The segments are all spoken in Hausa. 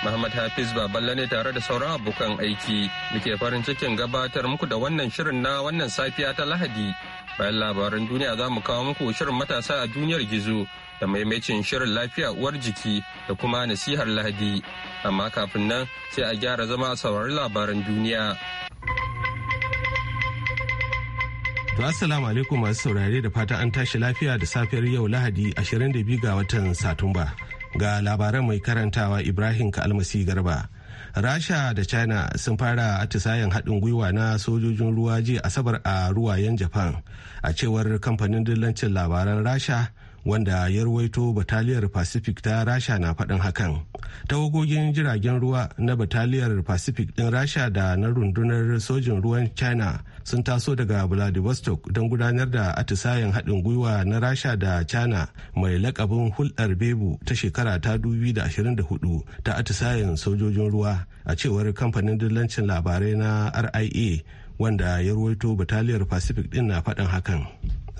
Muhammad Hafiz Baballe ne tare da sauran abokan aiki muke farin cikin gabatar muku da wannan shirin na wannan safiya ta Lahadi. Bayan labaran duniya za mu kawo muku shirin matasa a duniyar gizo da maimacin shirin lafiya uwar jiki da kuma nasihar Lahadi. Amma kafin nan sai a gyara zama a saurari labaran duniya. To assalamu alaikum masu saurare da fata an tashi lafiya da safiyar yau Lahadi 22 ga watan Satumba. Ga labaran mai karantawa Ibrahim Kalmasi Garba. Rasha da China sun fara atisayen haɗin gwiwa na sojojin ruwa jiya Asabar a ruwayen Japan a cewar kamfanin dillancin labaran Rasha wanda ya ruwaito bataliyar Pacific ta Rasha na faɗin hakan. tawagogin jiragen ruwa na bataliyar pacific ɗin rasha da na rundunar sojin ruwan china sun taso daga vladivostok don gudanar da atisayen haɗin gwiwa na rasha da china mai lakabin hulɗar bebu ta shekara ta 2024 ta atisayen sojojin ruwa a cewar kamfanin dillancin labarai na ria wanda ya ruwaito bataliyar pacific ɗin na faɗin hakan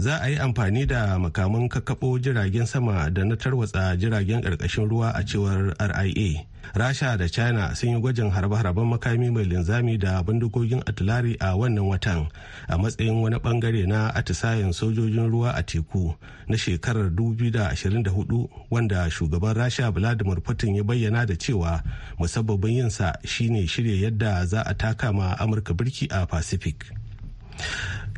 za a yi amfani da makaman kakaɓo jiragen sama da na tarwatsa jiragen ƙarƙashin ruwa a cewar ria rasha da china sun yi gwajin harbe-harben makami mai linzami da bindigogin atulari a wannan watan a matsayin wani bangare na atisayen sojojin ruwa a teku na shekarar 2024 wanda shugaban rasha vladimir putin ya bayyana da cewa musabbabin yinsa shine shirya yadda za a taka ma amurka birki a pacific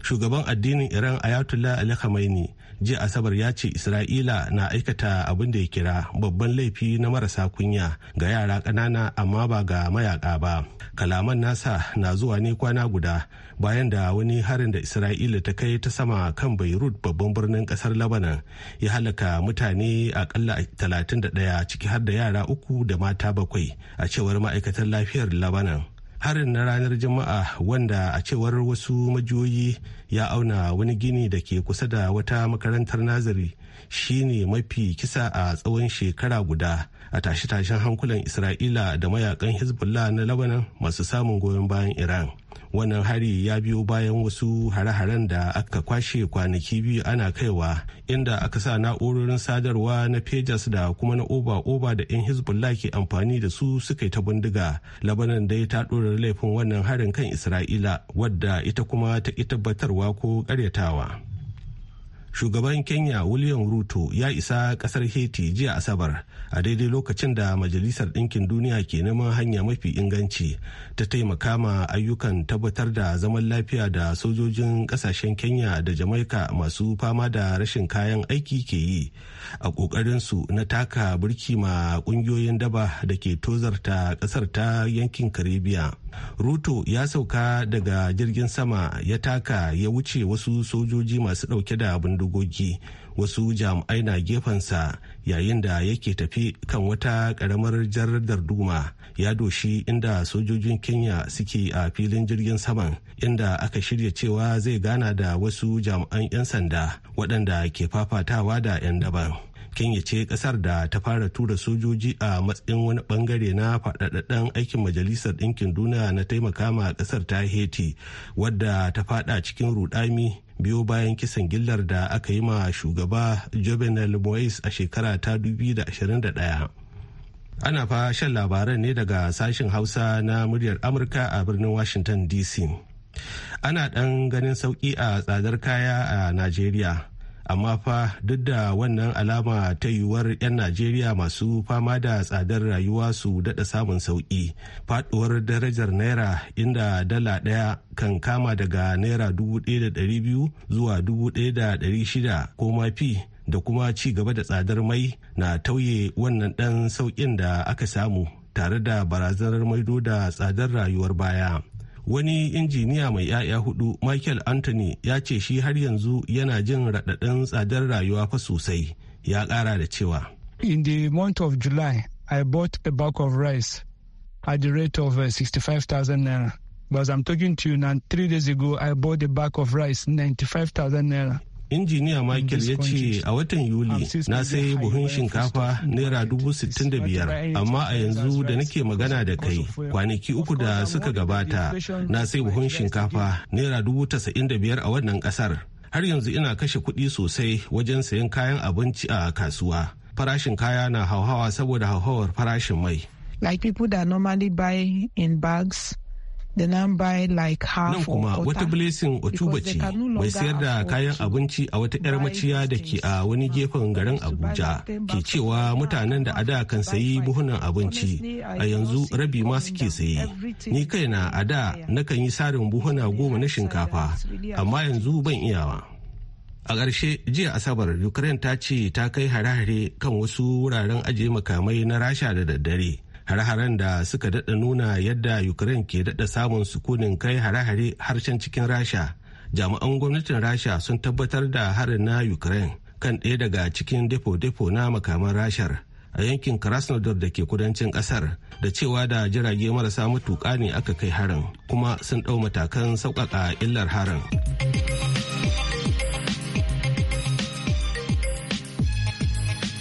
shugaban addinin iran ayatollah ali khamenei jiya asabar ya ce isra'ila na aikata abin da ya kira babban laifi na marasa kunya ga yara ƙanana amma ba ga mayaka ba kalaman nasa na zuwa ne kwana guda bayan da wani harin da isra'ila ta kai ta sama kan beirut babban birnin ƙasar labanan ya halaka mutane akalla 31 ciki har da yara uku da mata bakwai a cewar ma'aikatar lafiyar labanan harin na ranar juma'a wanda a cewar wasu majiyoyi ya auna wani gini da ke kusa da wata makarantar nazari shine mafi kisa a tsawon shekara guda a tashe-tashen hankulan isra'ila da mayakan hezbollah na labanan masu samun goyon bayan iran wannan hari ya biyo bayan wasu hare-haren da aka kwashe kwanaki biyu ana kaiwa inda aka sa na'urorin sadarwa na pejas da kuma na oba-oba da 'yan hezbollah ke amfani da su suka yi ta bindiga labanan dai ta ɗora laifin wannan harin kan isra'ila wadda ita kuma ta ƙi tabbatarwa ko ƙaryatawa shugaban kenya william ruto ya isa kasar haiti jiya asabar a daidai lokacin da majalisar ɗinkin duniya ke neman hanya mafi inganci ta taimaka ma ayyukan tabbatar da zaman lafiya da sojojin ƙasashen kenya da jamaika masu fama da rashin kayan aiki ke yi a ƙoƙarinsu na taka burki ma ƙungiyoyin daba da ke tozarta ƙasar ta yankin karibiya ruto ya sauka daga jirgin sama ya taka ya wuce wasu sojoji masu dauke da bindigogi wasu jami'ai na gefensa yayin da yake tafi kan wata karamar jaridar duma ya doshi inda sojojin kenya suke a filin jirgin saman inda aka shirya cewa zai gana da wasu jami'an 'yan sanda waɗanda ke fafatawa da 'yan daban. kenya ce kasar da ta fara tura sojoji a matsayin wani bangare na faɗaɗaɗɗen aikin majalisar ɗinkin duniya na taimaka ma kasar ta haiti wadda ta fada cikin rudami biyo bayan kisan gillar da aka yi ma shugaba jovenel moise a shekara ta 2021 ana fa shan labaran ne daga sashen hausa na muryar amurka a birnin washington dc ana ɗan ganin sauƙi a tsadar kaya a najeriya amma fa duk da wannan alama ta yiwuwar 'yan najeriya masu fama da tsadar rayuwa su daɗa samun sauƙi faɗuwar darajar naira inda dala ɗaya kan kama daga naira 1,200 zuwa 1,600 ko mafi da kuma ci gaba da tsadar mai na tauye wannan ɗan sauƙin da aka samu tare da barazanar maido da tsadar rayuwar baya wani injiniya mai 'ya'ya hudu michael anthony ya ce shi har yanzu yana jin raɗaɗin tsadar rayuwa fa sosai ya ƙara da cewa in the month of july i bought a bag of rice at the rate of uh, 65,000 naira but as i'm talking to you now three days ago i bought a bag of rice 95,000 naira injiniya michael ya ce a watan yuli na sai buhun shinkafa naira dubu sittin da biyar amma a yanzu da nake magana da kai kwanaki uku da suka gabata na sai buhun shinkafa naira dubu tasa'in da biyar a wannan kasar har yanzu ina kashe kuɗi sosai wajen sayan kayan abinci a kasuwa farashin kaya na hauhawa saboda hauhawar farashin mai like people that normally buy in bags the like half Nan kuma wata blessing Otuba ce mai sayar da kayan abinci a wata 'yar maciya da ke a wani gefen garin Abuja ke cewa mutanen da ada kan sayi buhunan abinci a yanzu rabi ma suke sayi. Ni kaina a da nakan yi sarin buhuna goma na shinkafa amma yanzu ban iyawa. A ƙarshe jiya Asabar Ukraine ta ce ta kai hare-hare kan wasu wuraren ajiye makamai na Rasha da daddare. hare-haren da suka dada nuna yadda ukraine ke dada samun sukunin kai hare-hare harshen cikin rasha jami'an gwamnatin rasha sun tabbatar da harin na ukraine kan ɗaya daga cikin depo-depo na makaman rashar a yankin krasnodar da ke kudancin kasar da cewa da jirage marasa matuƙa ne aka kai harin kuma sun ɗau matakan sauƙaƙa illar harin.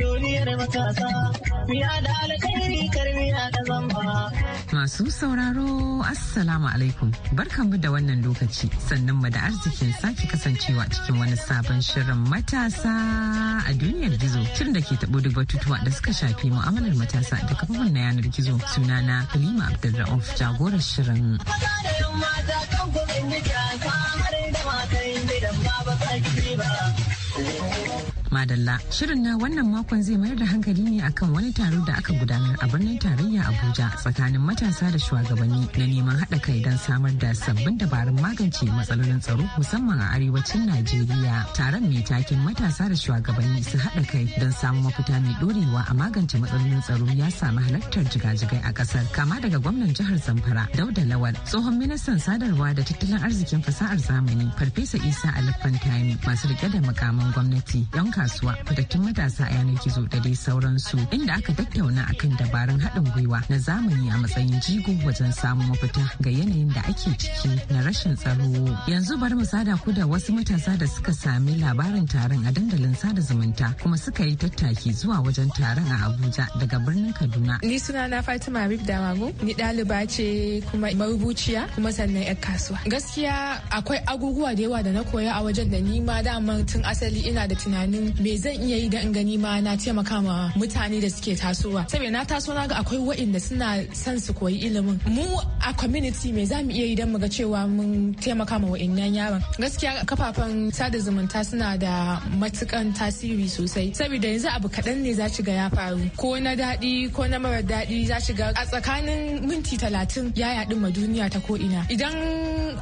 duniyar matasa, da da zamba. Masu sauraro Assalamu alaikum barkanmu da wannan lokaci sannan mu da arzikin sake kasancewa cikin wani sabon shirin matasa a duniyar gizo shirin da ke taɓo duk batutuwa da suka shafi mu'amalar matasa da kafofin na yanar gizo sunana Halima Abdulra'uf jagorar shirin. Maza da mata kan kuma da matan gidan ba ba. Madalla. Shirin na wannan makon zai mayar da hankali ne akan wani taro da aka gudanar a birnin tarayya Abuja tsakanin matasa da shugabanni na neman haɗa kai don samar da sabbin dabarun magance matsalolin tsaro musamman a arewacin Najeriya. Taron mai takin matasa da shugabanni su haɗa kai don samun mafita mai ɗorewa a magance matsalolin tsaro ya samu halartar jigajigai a ƙasar kama daga gwamnan jihar Zamfara Dauda Lawal tsohon ministan sadarwa da tattalin arzikin fasahar zamani Farfesa Isa Alifantani masu rike da makaman gwamnati yanka kasuwa fitattun matasa a yanar gizo da dai sauransu inda aka tattauna akan dabarun haɗin gwiwa na zamani a matsayin jigo wajen samun mafita ga yanayin da ake ciki na rashin tsaro yanzu bari mu sada ku da wasu matasa da suka sami labarin taron a dandalin sada zumunta kuma suka yi tattaki zuwa wajen taron a abuja daga birnin kaduna ni suna na fatima habib damago ni ɗaliba ce kuma marubuciya kuma sannan yar kasuwa gaskiya akwai abubuwa da yawa da na koya a wajen da ni ma daman tun asali ina da tunanin me zan iya yi dan gani ma na taimaka ma mutane da suke tasowa saboda na taso na ga akwai waɗanda suna son su koyi ilimin mu a community me za mu iya yi dan mu ga cewa mun taimaka ma waɗannan yaran gaskiya kafafen sada zumunta suna da matukan tasiri sosai saboda yanzu abu kaɗan ne za ga ya faru ko na daɗi ko na mara daɗi za shiga a tsakanin minti talatin ya yaɗu ma duniya ta ko ina idan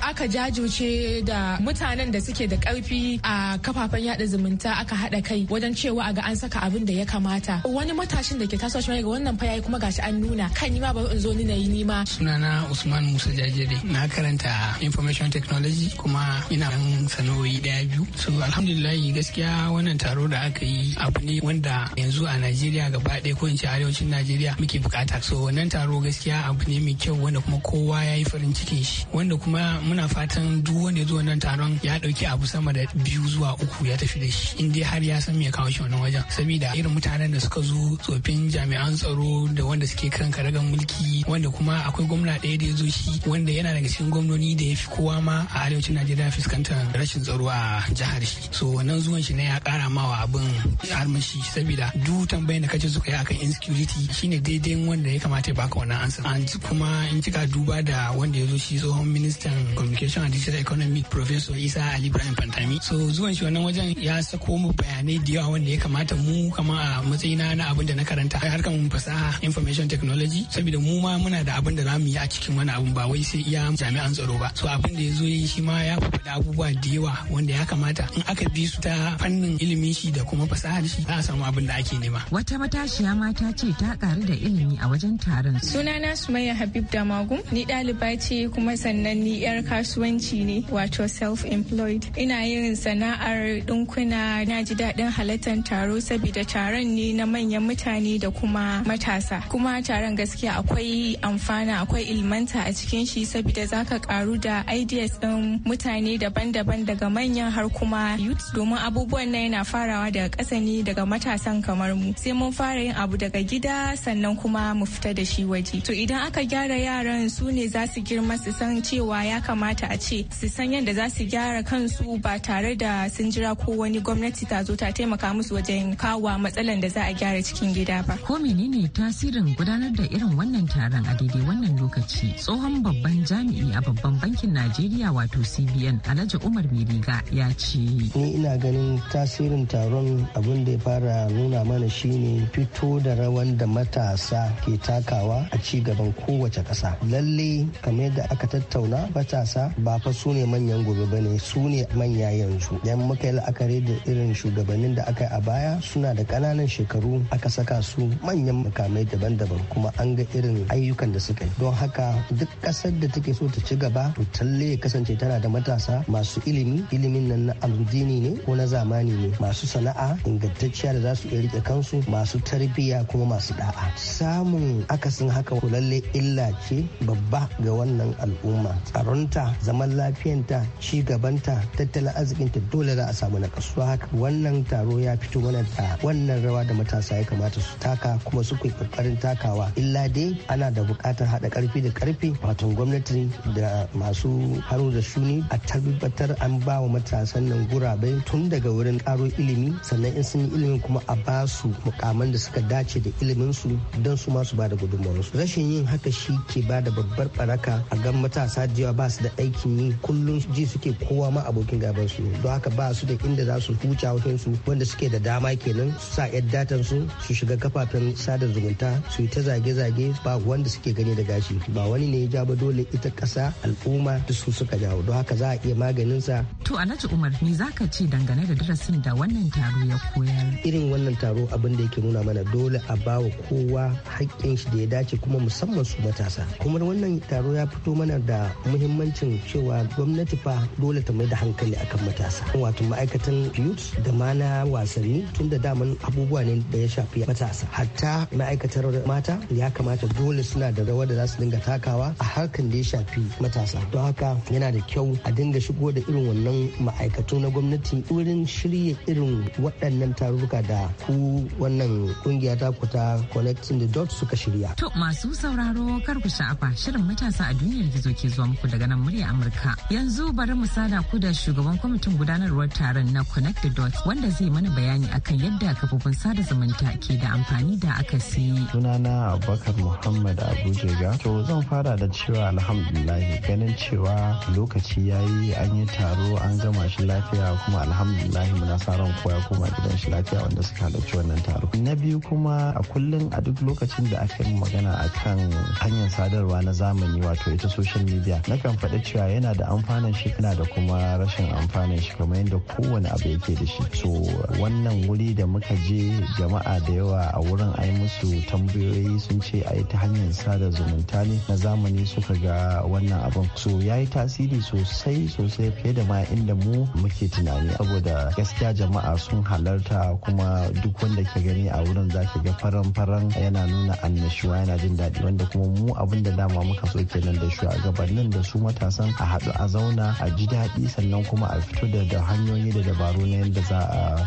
aka jajirce da mutanen da suke da ƙarfi a kafafen yada zumunta aka haɗa da kai wajen cewa a ga an saka abin da ya kamata wani matashin da ke taso shi ga wannan fa yayi kuma gashi an nuna kan ni ma ba in zo ni na yi ni ma sunana Usman Musa Jajere na karanta information technology kuma ina nan sanoyi daya biyu so alhamdulillah gaskiya wannan taro da aka yi abu ne wanda yanzu a Najeriya gaba ɗaya ko in ce arewacin Najeriya muke bukata so wannan taro gaskiya abu ne mai kyau wanda kuma kowa yayi farin cikin shi wanda kuma muna fatan duk wanda ya zo wannan taron ya dauki abu sama da biyu zuwa uku ya tafi da shi in dai har ya san me ya kawo shi wannan wajen saboda irin mutanen da suka zo tsofin jami'an tsaro da wanda suke kan karagan mulki wanda kuma akwai gwamna ɗaya da ya zo shi wanda yana daga cikin gwamnoni da ya fi kowa ma a arewacin najeriya fuskantar rashin tsaro a jihar shi so wannan zuwan shi ne ya kara mawa abin armashi saboda duk tambayar da kace suka yi akan insecurity shine daidai wanda ya kamata ya baka wannan ansa an kuma in kika duba da wanda ya zo shi tsohon ministan communication and digital economy professor isa ali ibrahim pantami so zuwan shi wannan wajen ya sako mu bayan bayanai da yawa wanda ya kamata mu kama a matsayina na abin da na karanta a harkar fasaha information technology saboda mu ma muna da abin da mu yi a cikin wani abun ba wai sai iya jami'an tsaro ba so abin da ya zo yi shi ma ya da abubuwa da yawa wanda ya kamata in aka bi su ta fannin ilimi shi da kuma fasahar shi za a samu abin da ake nema wata matashiya mata ce ta karu da ilimi a wajen taron sunana sumayya habib damagum ni ɗaliba ce kuma sannan ni yar kasuwanci ne wato self employed ina yin sana'ar ɗinkuna na ji daɗin halartar taro saboda taron ne na manyan mutane da kuma matasa kuma taron gaskiya akwai amfana akwai ilmanta a cikin shi saboda ka karu da ideas ɗin mutane daban-daban daga manyan har kuma youth domin abubuwan na yana farawa daga ƙasa ne daga matasan kamar mu sai mun fara yin abu daga gida sannan kuma mu fita da shi waje to idan aka gyara yaran su ne za su girma su san cewa ya kamata a ce su san yadda za su gyara kansu ba tare da sun jira ko wani gwamnati ta zo zo ta taimaka musu wajen kawo matsalan da za a gyara cikin gida ba. Ko menene tasirin gudanar da irin wannan taron a daidai wannan lokaci? Tsohon babban jami'i a babban bankin Najeriya wato CBN Alhaji Umar Miriga ya ce. Ni ina ganin tasirin taron abin da ya fara nuna mana shine fito da rawan da matasa ke takawa a ci gaban kowace ƙasa. Lalle kamar yadda aka tattauna matasa ba fa su ne manyan gobe ba ne su ne manya yanzu. Idan muka yi la'akari da irin shugaban shugabannin da aka yi a baya suna da ƙananan shekaru aka saka su manyan makamai daban-daban kuma an ga irin ayyukan da suka yi don haka duk ƙasar da take so ta ci gaba to talle ya kasance tana da matasa masu ilimi ilimin nan na aludini ne ko na zamani ne masu sana'a ingantacciya da za su iya rike kansu masu tarbiyya kuma masu da'a samun akasin haka lalle illa ce babba ga wannan al'umma tsaronta zaman lafiyanta ci gabanta tattalin arzikinta dole za a samu na kasuwa haka wannan taro ya fito mana da wannan rawa da matasa ya kamata su taka kuma su kai kokarin takawa illa dai ana da bukatar haɗa karfi da karfi wato gwamnati da masu haro da shuni a tabbatar an ba wa matasan nan gurabe tun daga wurin karo ilimi sannan in sun yi ilimin kuma a ba su mukaman da suka dace da ilimin su don su ma su ba da su rashin yin haka shi ke ba da babbar baraka a gan matasa jiwa ba su da aikin yi kullum ji suke kowa ma abokin gaban su don haka ba su da inda za su huta wajen su wanda suke da dama kenan su sa yan datan su su shiga kafafen sada zumunta su yi ta zage-zage ba wanda suke gani da gashi ba wani ne ya ja ba dole ita kasa al'umma da su suka jawo don haka za a iya maganin sa. To Alhaji Umar me zaka ce dangane da darasin da wannan taro ya koyar? Irin wannan taro abin da yake nuna mana dole a ba wa kowa haƙƙin shi da ya dace kuma musamman su matasa. Kuma wannan taro ya fito mana da muhimmancin cewa gwamnati fa dole ta mai da hankali akan matasa. Wato ma'aikatan youth da ma na wasanni tun da daman abubuwa ne da ya shafi matasa hatta ma'aikatar mata ya kamata dole suna da rawar da za su dinga takawa a harkan da ya shafi matasa don haka yana da kyau a dinga shigo da irin wannan ma'aikatu na gwamnati wurin shirya irin waɗannan tarurruka da ku wannan kungiya ta ku ta connecting the dots suka shirya. To masu sauraro kar ku sha'afa shirin matasa a duniyar gizo ke zuwa muku daga nan murya Amurka. Yanzu bari mu sada ku da shugaban kwamitin gudanarwar taron na Connect the Dots wanda zai mana bayani akan yadda kafofin sada zumunta ke da amfani da aka siyi. Sunana Abubakar Muhammad Abujega. To zan fara da cewa alhamdulillah ganin cewa lokaci ya yi an yi taro an gama shi lafiya kuma alhamdulillah muna sa ran kowa kuma gidan shi lafiya wanda suka halarci wannan taro. Na biyu kuma a kullum a duk lokacin da aka yi magana akan hanyar sadarwa na zamani wato ita social media nakan faɗi cewa yana da amfanin shi yana da kuma rashin amfanin shi kamar yadda kowane abu yake da shi. So wannan wuri da muka je jama'a da yawa a wurin ai musu tambayoyi sun ce ai ta hanyar sada zumunta ne na zamani suka ga wannan abin so ya yi tasiri sosai sosai fiye da ma inda mu muke tunani saboda gaskiya jama'a sun halarta kuma duk wanda ke gani a wurin za ki ga faran-faran yana nuna annashuwa yana jin daɗi wanda kuma mu abin da dama muka so kenan da a gabanin da su matasan a haɗu a zauna a ji daɗi sannan kuma a fito da hanyoyi da dabaru na yadda za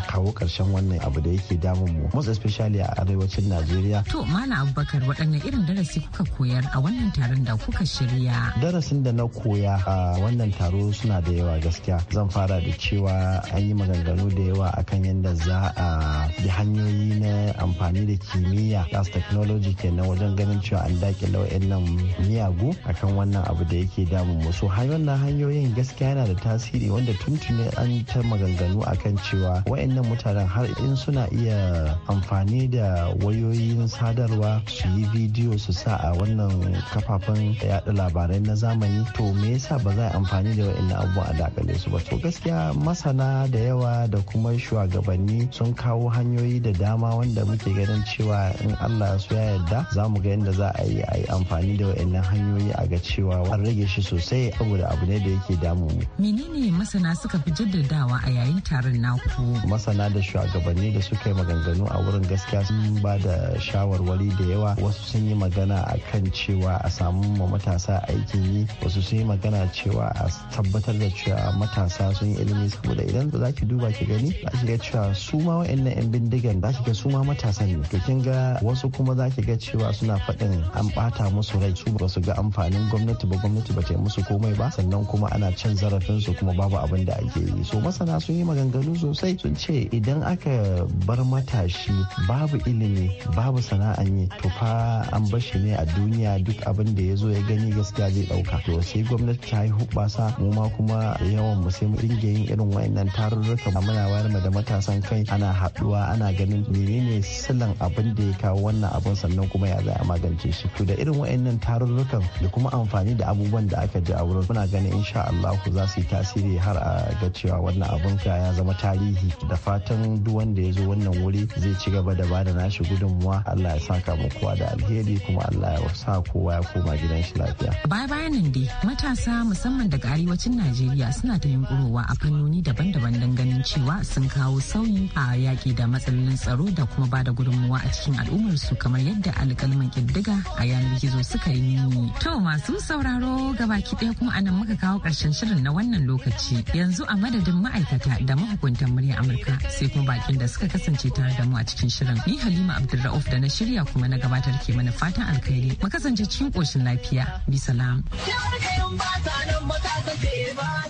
kawo karshen wannan abu da yake damun mu most especially a arewacin Najeriya. To mana Abubakar waɗanne irin darasi kuka koyar a wannan taron da kuka shirya? Darasin da na koya a wannan taro suna da yawa gaskiya. Zan fara da cewa an yi maganganu da yawa akan yadda za a bi hanyoyi na amfani da kimiyya as technology kenan wajen ganin cewa an dakile nan miyagu akan wannan abu da yake damun mu. So hanyoyin hanyoyin gaskiya yana da tasiri wanda tuntuni an ta maganganu akan cewa wayannan mutanen har in suna iya amfani da wayoyin sadarwa su yi bidiyo su sa a wannan kafafen yaɗa labarai na zamani to me yasa ba za a amfani da wayannan abubuwa a dakale su ba to gaskiya masana da yawa da kuma shugabanni sun kawo hanyoyi da dama wanda muke ganin cewa in Allah su ya yarda za mu ga yadda za a yi a yi amfani da wayannan hanyoyi a ga cewa an rage shi sosai saboda abu ne da yake damu mu menene masana suka fi jaddadawa a yayin taron naku masana da shugabanni da suka yi maganganu a wurin gaskiya sun ba da shawarwari da yawa wasu sun yi magana a kan cewa a samu ma matasa aikin yi wasu sun yi magana cewa a tabbatar da cewa matasa sun yi ilimi saboda idan za ki duba ki gani za ki ga cewa su ma wa'annan 'yan bindigan za ki ga su ma matasan ne to kin ga wasu kuma za ki ga cewa suna faɗin an ɓata musu rai su ba su ga amfanin gwamnati ba gwamnati ba ta yi musu komai ba sannan kuma ana cin zarafin su kuma babu abin da ake yi so masana sun yi maganganu sosai malamai sun ce idan aka bar matashi babu ilimi babu sana'an yi to fa an bar ne a duniya duk abin da ya zo ya gani gaskiya zai dauka to sai gwamnati ta yi hubbasa mu ma kuma yawan mu sai mu dinga yin irin wayannan tarurruka muna wayar da matasan kai ana haduwa ana ganin menene silan abin da ya kawo wannan abin sannan kuma ya za a magance shi to da irin wayannan tarurrukan da kuma amfani da abubuwan da aka ji a wurin muna ganin insha Allah za su yi tasiri har a ga cewa wannan abin ya zama tarihi lillahi da fatan duk wanda ya zo wannan wuri zai ci gaba da bada nashi gudunmuwa Allah ya saka mu kowa da alheri kuma Allah ya sa kowa ya koma gidan shi lafiya. Baya bayan nan dai matasa musamman daga arewacin Najeriya suna ta yunkurowa a fannoni daban-daban don ganin cewa sun kawo sauyi a yaki da matsalolin tsaro da kuma bada gudunmuwa a cikin su kamar yadda alƙalman kiddiga a yanar gizo suka yi nuni. To masu sauraro gabaki ɗaya kuma anan muka kawo ƙarshen shirin na wannan lokaci yanzu a madadin ma'aikata da mahukuntan murya murya Amurka sai kuma bakin da suka kasance tare da mu a cikin shirin. Ni Halima Abdulra'uf da na shirya kuma na gabatar ke mana fatan alkhairi. Mu kasance cikin koshin lafiya. Bi salam.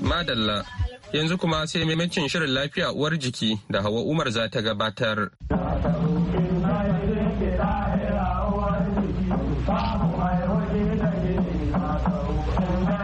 Madalla. Yanzu kuma sai maimacin shirin lafiya uwar jiki da Hawa Umar za ta gabatar.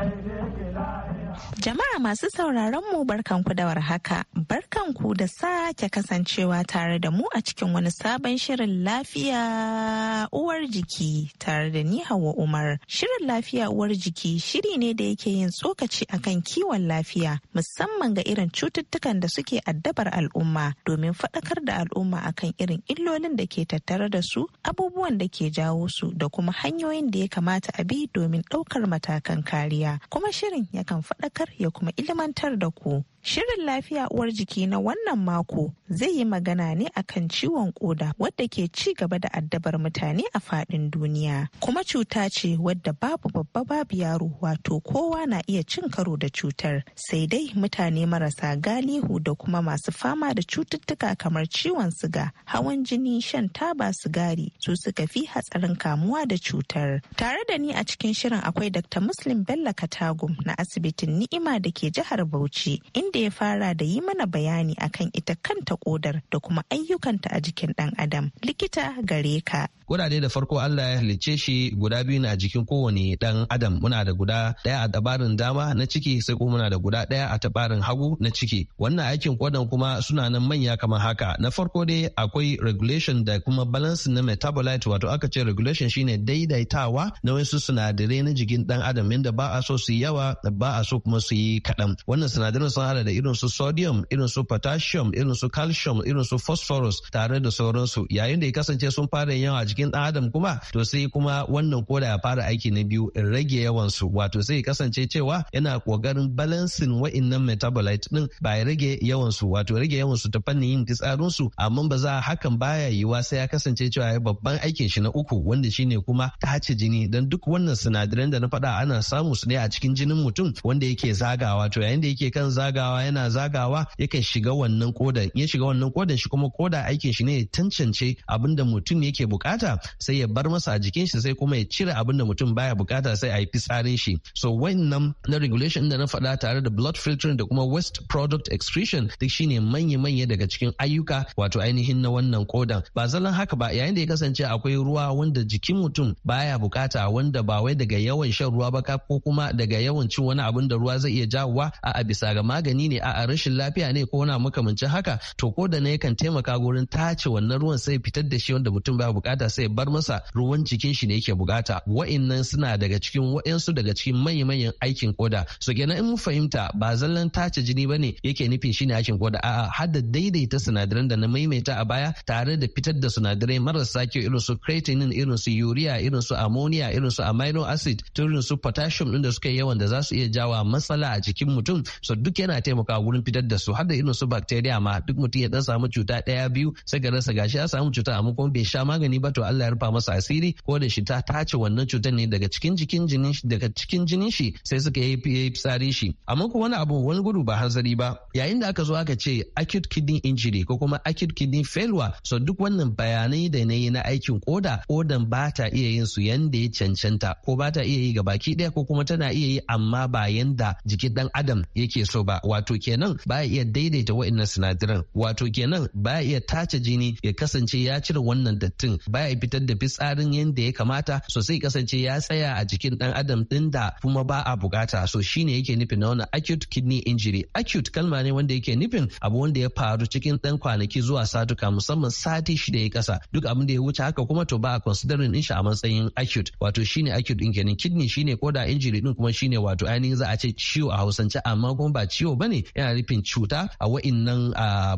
Jama'a masu sauraron mu barkanku da warhaka, barkanku da sake kasancewa tare da mu a cikin wani sabon shirin lafiya uwar jiki tare da ni Hauwa Umar. Shirin lafiya uwar jiki shiri ne da yake yin tsokaci akan kiwon lafiya musamman ga irin cututtukan da suke addabar al'umma domin faɗakar da al'umma akan irin illolin da ke tattare da su, abubuwan da ke jawo su da kuma hanyoyin da ya kamata a bi domin ɗaukar matakan kariya. Kuma shirin yakan faɗa faɗakar ya kuma ilimantar da ku Shirin lafiya uwar jiki na wannan mako zai yi magana ne akan ciwon koda wadda ke ci gaba da addabar mutane a fadin duniya. Kuma cuta ce wadda babu babba babu yaro wato kowa na iya cin karo da cutar sai dai mutane marasa galihu da kuma masu fama da cututtuka kamar ciwon siga, hawan jini, shan taba sigari su suka fi hatsarin kamuwa da cutar. Tare da ni a cikin shirin akwai Dr. Muslim Bello Katagum na asibitin Ni'ima da ke jihar Bauchi. inda ya fara da yi mana bayani akan ita kanta kodar da kuma ayyukanta a jikin ɗan adam. Likita gare ka. Kudade da farko Allah ya halicce shi guda biyu na jikin kowane dan adam muna da guda daya a tabarin dama na ciki sai kuma muna da guda daya a tabarin hagu na ciki. Wannan aikin kodan kuma suna nan manya kamar haka. Na farko dai akwai regulation da kuma balance na metabolite wato aka ce regulation shine daidaitawa na wasu sinadarai na jikin dan adam inda ba a so su yi yawa ba a so kuma su yi kaɗan. Wannan sinadaran sun hada da irin su sodium, irin su potassium, irin su calcium, irin su phosphorus tare da sauransu. Yayin da ya kasance sun fara yawa a jikin dan adam kuma to sai kuma wannan koda ya fara aiki na biyu in rage yawan su wato sai kasance cewa yana kokarin balansin wa'annan metabolite din ba ya rage yawan su wato rage yawan su ta fannin yin fitsarin su amma ba za hakan baya yiwa sai ya kasance cewa ya babban aikin shi na uku wanda shine kuma tace jini dan duk wannan sinadaran da na faɗa ana samu su ne a cikin jinin mutum wanda yake zagawa to yayin da yake kan zagawa yana zagawa yakan shiga wannan kodan ya shiga wannan kodan shi kuma koda aikin shi ne ya tantance abin da mutum yake bukata sai ya bar masa a jikin shi sai kuma ya cire abin da mutum baya bukata sai a yi fitsarin shi so wannan na regulation da na faɗa tare da blood filtering da kuma waste product excretion duk shine manya-manya daga cikin ayyuka wato ainihin na wannan kodan ba zalan haka ba yayin da ya kasance akwai ruwa wanda jikin mutum baya bukata wanda ba wai daga yawan shan ruwa ba ko kuma daga yawan cin wani abin da ruwa zai iya jawowa a bisa ga magani ne a rashin lafiya ne ko wani makamancin haka to ko da ne yakan taimaka gurin tace wannan ruwan sai fitar da shi wanda mutum baya bukata sai sai bar masa ruwan cikin shi ne yake bukata wa'annan suna daga cikin wa'ansu daga cikin manya-manyan aikin koda so kenan in mu fahimta ba zallan tace jini bane yake nufin shine aikin koda a har daidaita sinadaran da na maimaita a baya tare da fitar da sinadarai marasa kyau irin su creatinine irin su urea irin su ammonia irin su amino acid irin su potassium din da suka yawan da za su iya jawa matsala a jikin mutum so duk yana taimakawa wurin fitar da su har da irin su bacteria ma duk mutum ya dan samu cuta daya biyu sai ga rasa gashi ya samu cuta amma kuma bai sha magani ba to Allah ya rufa masa asiri ko da shi ta tace wannan cutar ne daga cikin jikin jinin shi daga cikin jinin shi sai suka yi fitsari shi amma ko wani abu wani gudu ba hanzari ba yayin da aka zo aka ce acute kidney injury ko kuma acute kidney failure so duk wannan bayanai da nayi na aikin koda kodan ba ta iya yin su yanda ya cancanta ko ba ta iya yi ga baki daya ko kuma tana iya yi amma ba yanda jikin dan adam yake so ba wato kenan ba iya daidaita wa'annan sinadaran wato kenan ba iya tace jini ya kasance ya cire wannan dattin ba ya fitar da fitsarin yadda ya kamata so sai kasance ya tsaya a jikin dan adam din da kuma ba a bukata so shine yake nufin na wannan acute kidney injury acute kalma ne wanda yake nufin abu wanda ya faru cikin dan kwanaki zuwa satuka musamman sati shida ya kasa duk abin da ya wuce haka kuma to ba a considering din shi a matsayin acute wato shine acute din kenan kidney shine koda injury din kuma shine wato ainihin za a ce ciwo a Hausance amma kuma ba ciwo bane yana nufin cuta a waannan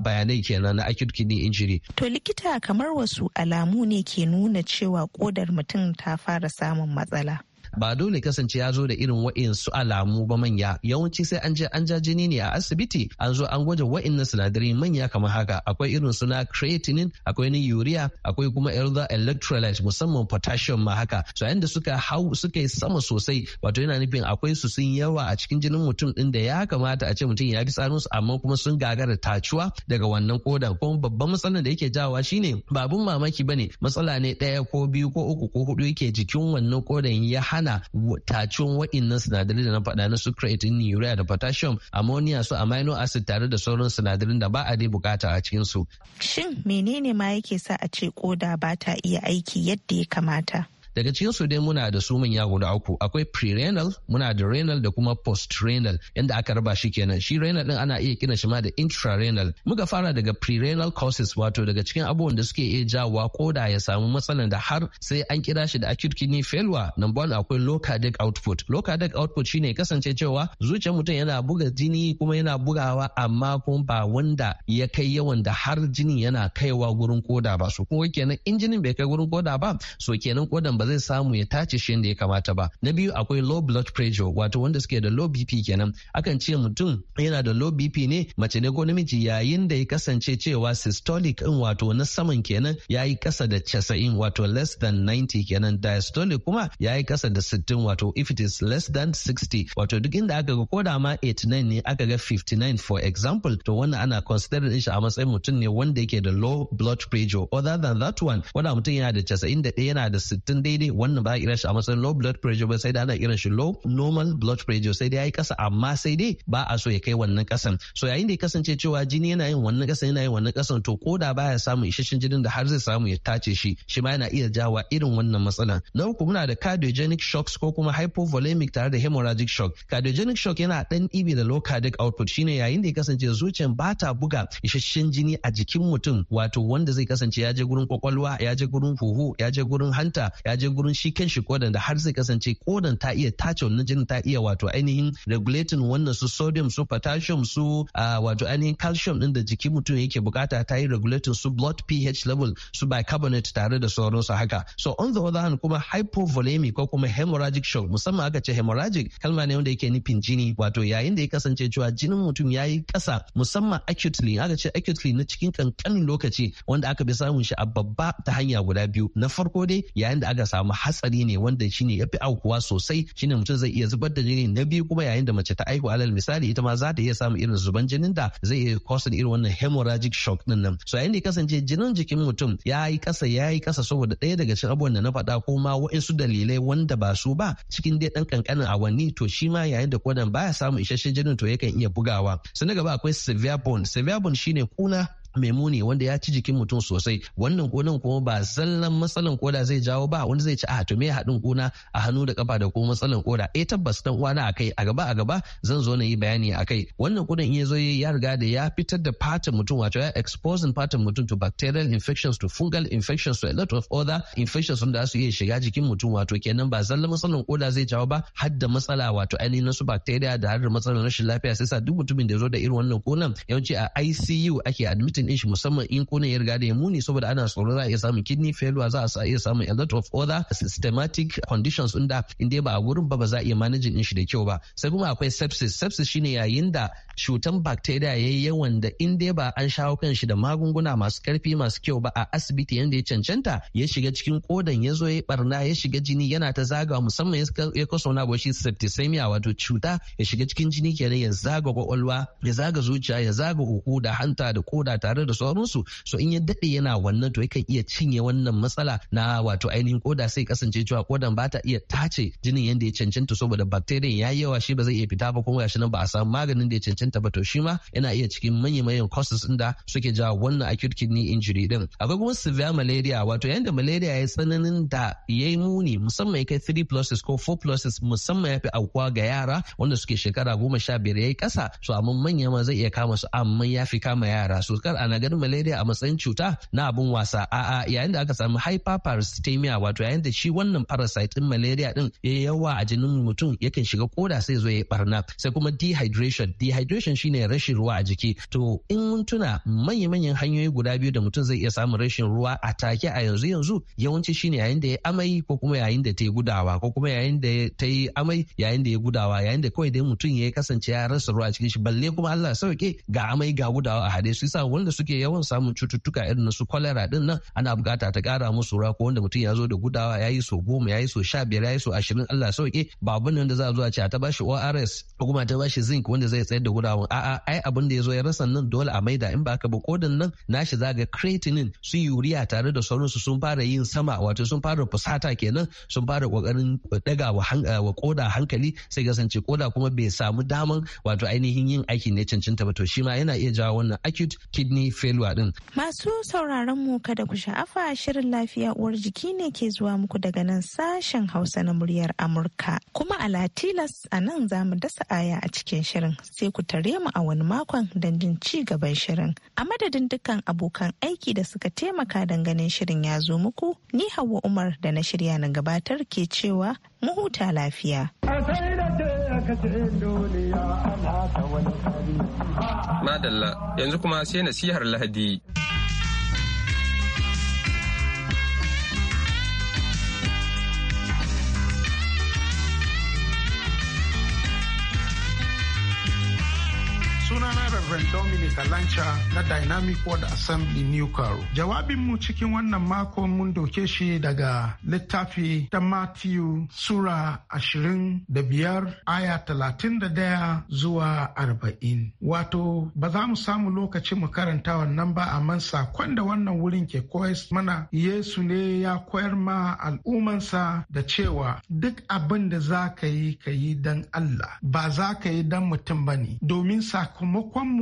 bayanai kenan na acute kidney injury to likita kamar wasu alamu ne ke ke nuna cewa kodar mutum ta fara samun matsala. ba dole kasance ya zo da irin wa'insu alamu ba manya yawanci sai an je an ja jini ne a asibiti an zo an gwada wa'innan sinadari manya kamar haka akwai irin suna creatinine akwai na urea akwai kuma erza electrolyte musamman potassium ma haka so da suka hau suka yi sama sosai wato yana nufin akwai su sun yawa a cikin jinin mutum din da ya kamata a ce mutum ya fi tsarin su amma kuma sun gagara tacuwa daga wannan kodan kuma babban matsalar da yake jawa shine babun mamaki bane matsala ne ɗaya ko biyu ko uku ko hudu yake jikin wannan kodan ya hana hana tacin wa'innan sinadarai da na faɗa na su creatine urea da potassium ammonia su amino acid tare da sauran sinadarin da ba a dai bukata a cikin su shin menene ma yake sa a ce koda ba ta iya aiki yadda ya kamata daga cikin su dai muna da su manya guda uku akwai pre-renal muna da renal da kuma post-renal yanda aka raba shi kenan shi renal din ana iya kina shi ma da intra-renal. muka fara daga pre-renal causes wato daga cikin abubuwan da suke iya jawa da ya samu matsalan da har sai an kira shi da acute kidney failure number one akwai low output low output shine kasance cewa zuciyar mutum yana buga jini kuma yana bugawa amma kuma ba wanda ya kai yawan da har jini yana kaiwa gurin koda ba so kuma kenan in jinin bai kai gurin koda ba so kenan kodan ba zai samu ya tace shi yadda ya kamata ba na biyu akwai low blood pressure wato wanda suke da low bp kenan akan ce mutum yana da low bp ne mace ne ko namiji yayin da ya kasance cewa systolic in wato na saman kenan ya yi kasa da casa'in wato less than 90 kenan diastolic kuma ya yi kasa da 60 wato if it is less than 60 wato duk inda aka ga koda ma 89 ne aka ga 59 for example to wannan ana consider shi a matsayin mutum ne wanda yake da low blood pressure other than that one wanda mutum yana da 91 yana da 60 daidai wannan ba a kiran shi a matsayin low blood pressure ba sai da ana kiran shi low normal blood pressure sai dai ya yi kasa amma sai dai ba a so ya kai wannan kasan so yayin da ya kasance cewa jini yana yin wannan kasan yana yin wannan kasan to koda ya samun isasshen jinin da har zai samu ya tace shi shi ma yana iya jawa irin wannan matsalan na uku muna da cardiogenic shocks ko kuma hypovolemic tare da hemorrhagic shock cardiogenic shock yana dan ibi da low cardiac output shine yayin da ya kasance zuciyan ba ta buga isasshen jini a jikin mutum wato wanda zai kasance ya je gurin kwakwalwa ya je gurin huhu ya je gurin hanta ya je gurin shi kanshi kodan da har zai kasance kodan ta iya tace wannan jinin ta iya wato ainihin regulating wannan su sodium su potassium su wato ainihin calcium din da jiki mutum yake bukata ta yi regulating su blood pH level su bicarbonate tare da sauransu haka so on the other hand kuma hypovolemic ko kuma hemorrhagic shock musamman aka ce hemorrhagic kalma ne wanda yake nufin jini wato yayin da ya kasance cewa jinin mutum ya yi kasa musamman acutely aka ce acutely na cikin kankanin lokaci wanda aka bi samun shi a babba ta hanya guda biyu na farko dai yayin da aka samu hatsari ne wanda shine ya fi aukuwa sosai shine mutum zai iya zubar da jini na biyu kuma yayin da mace ta aiko alal misali ita ma za ta iya samu irin zuban jinin da zai iya cause irin wannan hemorrhagic shock din nan so yayin da kasance jinin jikin mutum ya yi kasa ya yi kasa saboda ɗaya daga cikin abubuwan da na faɗa ko ma wa'insu dalilai wanda ba su ba cikin dai ɗan ƙanƙanin awanni to shi ma yayin da kodan baya samun isasshen jinin to yakan iya bugawa sannan gaba akwai severe bone severe bone shine kuna mai muni wanda ya ci jikin mutum sosai wannan konan kuma ba zallan matsalan koda zai jawo ba wanda zai ci a ah, to me haɗin kuna a hannu da kafa da kuma matsalan koda eh tabbas dan uwana akai a gaba a gaba zan zo na yi bayani akai wannan kudin in yazo ya riga da ya fitar da fata mutum wato ya exposing fatan mutum to bacterial infections to fungal infections to a lot of other infections wanda su iya shiga jikin mutum wato kenan ba zallan matsalan koda zai jawo ba har da matsala wato ainihin su bacteria da har da matsalan rashin lafiya sai sa duk mutumin da ya zo da irin wannan konan yawanci a ICU ake admitted diagnosing din shi musamman in kone ya riga da ya muni saboda ana tsoron za a iya samun kidney failure za a iya samun a lot of other systematic conditions inda in dai ba a gurin ba ba za a iya managing din shi da kyau ba sai kuma akwai sepsis sepsis shine yayin da cutan bacteria yi yawan da in dai ba an shawo kan shi da magunguna masu karfi masu kyau ba a asibiti yadda ya cancanta ya shiga cikin kodan ya zo ya barna ya shiga jini yana ta zaga musamman ya kaso na boshi septicemia wato cuta ya shiga cikin jini kenan ya zaga kwakwalwa ya zaga zuciya ya zaga huhu da hanta da koda tare da sauransu so in ya daɗe yana wannan to yakan iya cinye wannan matsala na wato ainihin koda sai kasance cewa kodan ba ta iya tace jinin yadda ya cancanta saboda bacteria ya yi yawa shi ba zai iya fita ba kuma gashi nan ba a samu maganin da ya cancanta cancanta ba to shi ma yana iya cikin manya-manyan causes da suke ja wannan acute kidney injury din akwai kuma severe malaria wato yanda malaria ya tsananin da ya yi muni musamman ya kai 3 pluses ko 4 pluses musamman ya fi aukuwa ga yara wanda suke shekara goma sha biyar ya yi kasa su amma manya ma zai iya kama su amma ya fi kama yara so kar ana ganin malaria a matsayin cuta na abun wasa a'a yayin da aka samu hyperparasitemia wato yayin da shi wannan parasite din malaria din ya yawa a jinin mutum yakan shiga koda sai zo ya barna sai kuma dehydration dehydration dehydration shine rashin ruwa a jiki to in mun tuna manya-manyan hanyoyi guda biyu da mutum zai iya samun rashin ruwa a take a yanzu yanzu yawanci shine yayin da ya amai ko kuma yayin da ta yi gudawa ko kuma yayin da ta yi amai yayin da ya gudawa yayin da kawai dai mutum ya kasance ya rasa ruwa a cikin shi balle kuma Allah sauke ga amai ga gudawa a hade su yasa wanda suke yawan samun cututtuka irin su cholera din nan ana bukata ta kara musu ruwa ko wanda mutum ya zo da gudawa yayi so goma yayi so sha biyar yayi so ashirin Allah sauke babu nan da za a zo a ta bashi ORS ko kuma ta bashi zinc wanda zai tsayar da guda abun a'a ai abin da ya zo ya rasa nan dole a maida in ba ka ba kodin nan nashi zaga creatinine su urea tare da sauransu sun fara yin sama wato sun fara fusata kenan sun fara kokarin daga wa koda hankali sai kasance koda kuma bai samu daman wato ainihin yin aiki ne cancanta ba to shi ma yana iya jawo wannan acute kidney failure din masu sauraron mu kada ku sha'afa shirin lafiya uwar jiki ne ke zuwa muku daga nan sashen Hausa na muryar Amurka kuma a Latilas a nan za mu dasa aya a cikin shirin sai ku tare mu a wani makon don jin ci gaban shirin. A madadin dukkan abokan aiki da suka taimaka ganin shirin ya zo muku, ni Hauwa Umar da na shirya na gabatar ke cewa mu huta lafiya. Madalla yanzu kuma sai nasihar Lahadi. Reverend Dominic Alancha na Dynamic World Assembly New Caro. Jawabinmu cikin wannan mako mun doke shi daga littafi ta Matthew Sura ashirin da biyar aya talatin da daya zuwa arba'in. Wato ba za mu samu lokaci mu karanta wannan ba amma sakon da wannan wurin ke koyar mana Yesu ne ya koyar ma al'umansa da cewa duk abin da za ka yi ka yi don Allah ba za ka yi don mutum ba ne domin sakamakonmu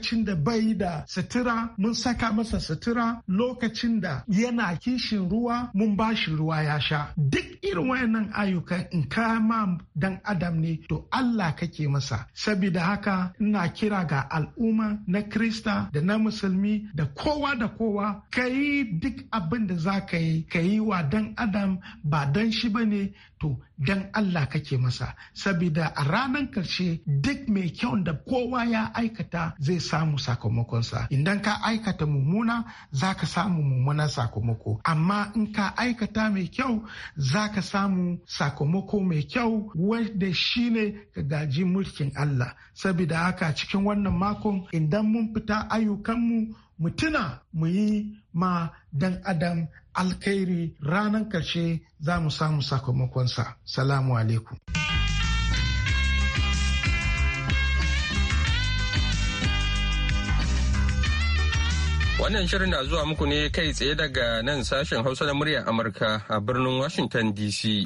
lokacin da bai da sutura mun saka masa sutura lokacin da yana kishin ruwa mun ba shi ruwa ya sha duk irin wayannan ayyukan in ka ma dan adam ne to Allah kake masa saboda haka ina kira ga al'umma na krista da na musulmi da kowa da kowa ka yi duk abin da za ka yi ka yi wa dan adam ba dan shi ba ne to dan Allah kake masa sabida a ranar karshe duk mai kyau da kowa ya aikata zai samu sakamakonsa idan ka aikata mummuna za ka samu mummunan sakamako amma in ka aikata mai kyau za ka samu sakamako mai kyau wanda shi ne ka gaji mulkin Allah sabida haka cikin wannan makon idan mun fita ayyukanmu Mutuna tuna mu yi ma dan adam alkhairi ranar ƙarshe za mu samu sakamakonsa salamu alaikum Wannan shirin na zuwa muku ne kai tsaye daga nan sashen Hausa da muryar Amurka a birnin Washington DC.